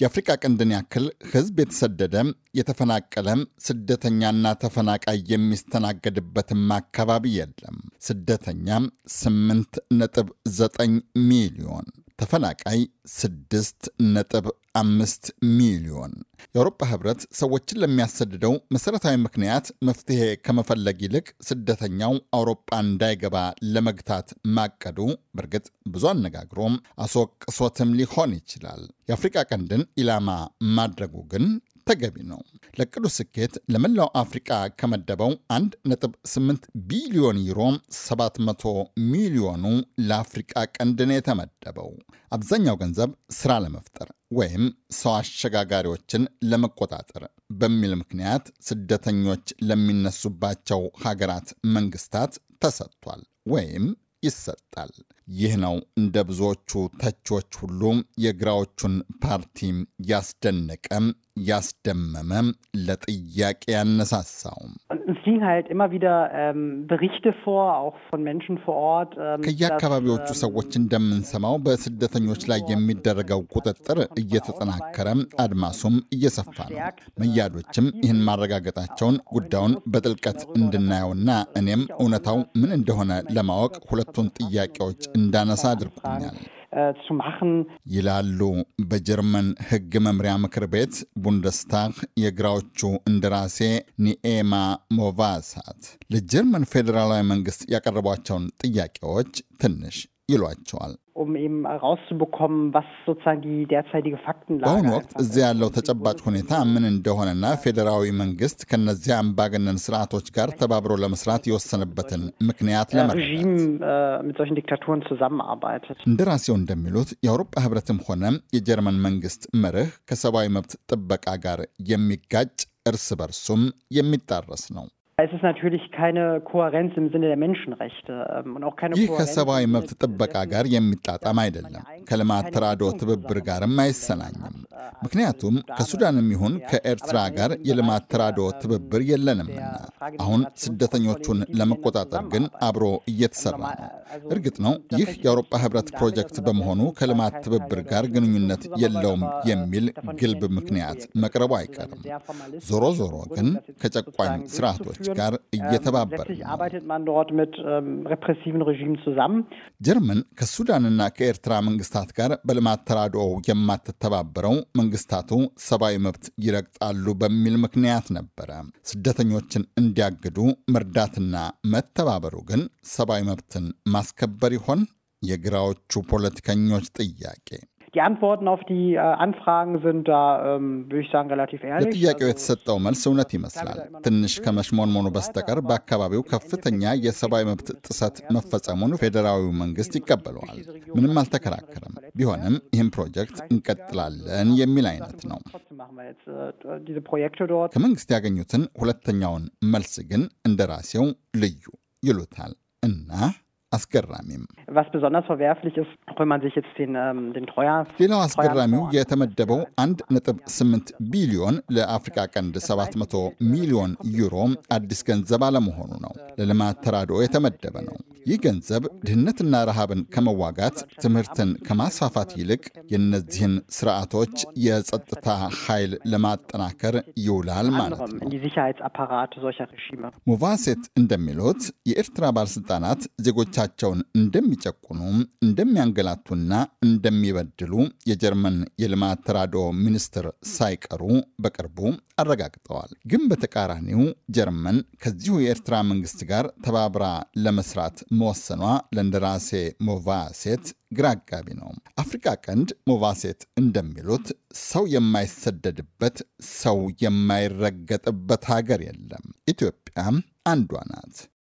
የአፍሪካ ቀንድን ያክል ህዝብ የተሰደደ የተፈናቀለ ስደተኛና ተፈናቃይ የሚስተናገድበትም አካባቢ የለም። ስደተኛ 8 ነጥብ 9 ሚሊዮን፣ ተፈናቃይ 6 ነጥብ 5 ሚሊዮን የአውሮፓ ህብረት ሰዎችን ለሚያሰድደው መሠረታዊ ምክንያት መፍትሄ ከመፈለግ ይልቅ ስደተኛው አውሮፓ እንዳይገባ ለመግታት ማቀዱ በእርግጥ ብዙ አነጋግሮም አስወቅሶትም ሊሆን ይችላል። የአፍሪቃ ቀንድን ኢላማ ማድረጉ ግን ተገቢ ነው። ለቅዱ ስኬት ለመላው አፍሪቃ ከመደበው 1.8 ቢሊዮን ዩሮ 700 ሚሊዮኑ ለአፍሪቃ ቀንድን የተመደበው። አብዛኛው ገንዘብ ስራ ለመፍጠር ወይም ሰው አሸጋጋሪዎችን ለመቆጣጠር በሚል ምክንያት ስደተኞች ለሚነሱባቸው ሀገራት መንግስታት ተሰጥቷል ወይም ይሰጣል። ይህ ነው እንደ ብዙዎቹ ተቾች ሁሉ የግራዎቹን ፓርቲ ያስደነቀም ያስደመመም ለጥያቄ ያነሳሳው። ähm, ähm, ከየአካባቢዎቹ ähm, ሰዎች እንደምንሰማው በስደተኞች ላይ የሚደረገው ቁጥጥር እየተጠናከረ አድማሱም እየሰፋ ነው። äh, መያዶችም ይህን ማረጋገጣቸውን ጉዳዩን በጥልቀት እንድናየውና እኔም እውነታው ምን እንደሆነ ለማወቅ ሁለቱን ጥያቄዎች እንዳነሳ አድርጎኛል ይላሉ በጀርመን ህግ መምሪያ ምክር ቤት ቡንደስታግ የግራዎቹ እንደራሴ ኒኤማ ሞቫሳት። ለጀርመን ፌዴራላዊ መንግስት ያቀረቧቸውን ጥያቄዎች ትንሽ ይሏቸዋል። um በአሁኑ ወቅት እዚያ ያለው ተጨባጭ ሁኔታ ምን እንደሆነና ፌዴራዊ መንግስት ከነዚያ አምባገነን ስርዓቶች ጋር ተባብሮ ለመስራት የወሰነበትን ምክንያት ለመረዳት äh, እንደራሴው እንደሚሉት የአውሮፓ ህብረትም ሆነ የጀርመን መንግስት መርህ ከሰብአዊ መብት ጥበቃ ጋር የሚጋጭ እርስ በርሱም የሚጣረስ ነው። ይህ ከሰብአዊ መብት ጥበቃ ጋር የሚጣጣም አይደለም። ከልማት ተራድኦ ትብብር ጋርም አይሰናኝም። ምክንያቱም ከሱዳንም ይሁን ከኤርትራ ጋር የልማት ተራድኦ ትብብር የለንምና። አሁን ስደተኞቹን ለመቆጣጠር ግን አብሮ እየተሰራ ነው። እርግጥ ነው ይህ የአውሮፓ ህብረት ፕሮጀክት በመሆኑ ከልማት ትብብር ጋር ግንኙነት የለውም የሚል ግልብ ምክንያት መቅረቡ አይቀርም። ዞሮ ዞሮ ግን ከጨቋኝ ስርዓቶች ጋር እየተባበር ጀርመን ከሱዳንና ከኤርትራ መንግስት መንግስታት ጋር በልማት ተራድኦ የማትተባበረው መንግስታቱ ሰብአዊ መብት ይረግጣሉ በሚል ምክንያት ነበረ። ስደተኞችን እንዲያግዱ መርዳትና መተባበሩ ግን ሰብአዊ መብትን ማስከበር ይሆን? የግራዎቹ ፖለቲከኞች ጥያቄ። Die Antworten auf die äh, Anfragen sind da, ähm, würde ich sagen, relativ ehrlich. ለጥያቄው የተሰጠው መልስ እውነት ይመስላል። ትንሽ ከመሽሞንሞኑ በስተቀር በአካባቢው ከፍተኛ የሰብአዊ መብት ጥሰት መፈጸሙን ፌዴራዊው መንግስት ይቀበለዋል። ምንም አልተከራከረም። ቢሆንም ይህም ፕሮጀክት እንቀጥላለን የሚል አይነት ነው። ከመንግስት ያገኙትን ሁለተኛውን መልስ ግን እንደራሴው ልዩ ይሉታል እና አስገራሚም ähm, ሌላው አስገራሚው የተመደበው 1.8 ቢሊዮን ለአፍሪካ ቀንድ 700 ሚሊዮን ዩሮ አዲስ ገንዘብ አለመሆኑ ነው። ለልማት ተራድኦ የተመደበ ነው። ይህ ገንዘብ ድህነትና ረሃብን ከመዋጋት ትምህርትን ከማስፋፋት ይልቅ የእነዚህን ስርዓቶች የጸጥታ ኃይል ለማጠናከር ይውላል ማለት ነው። ሙቫሴት እንደሚሉት የኤርትራ ባለሥልጣናት ዜጎቻቸውን እንደሚጨቁኑ፣ እንደሚያንገላቱና እንደሚበድሉ የጀርመን የልማት ተራድኦ ሚኒስትር ሳይቀሩ በቅርቡ አረጋግጠዋል። ግን በተቃራኒው ጀርመን ከዚሁ የኤርትራ መንግስት ጋር ተባብራ ለመስራት መወሰኗ ለእንደራሴ ሞቫሴት ግራ አጋቢ ነው። አፍሪካ ቀንድ ሞቫሴት እንደሚሉት ሰው የማይሰደድበት ሰው የማይረገጥበት ሀገር የለም። ኢትዮጵያም አንዷ ናት።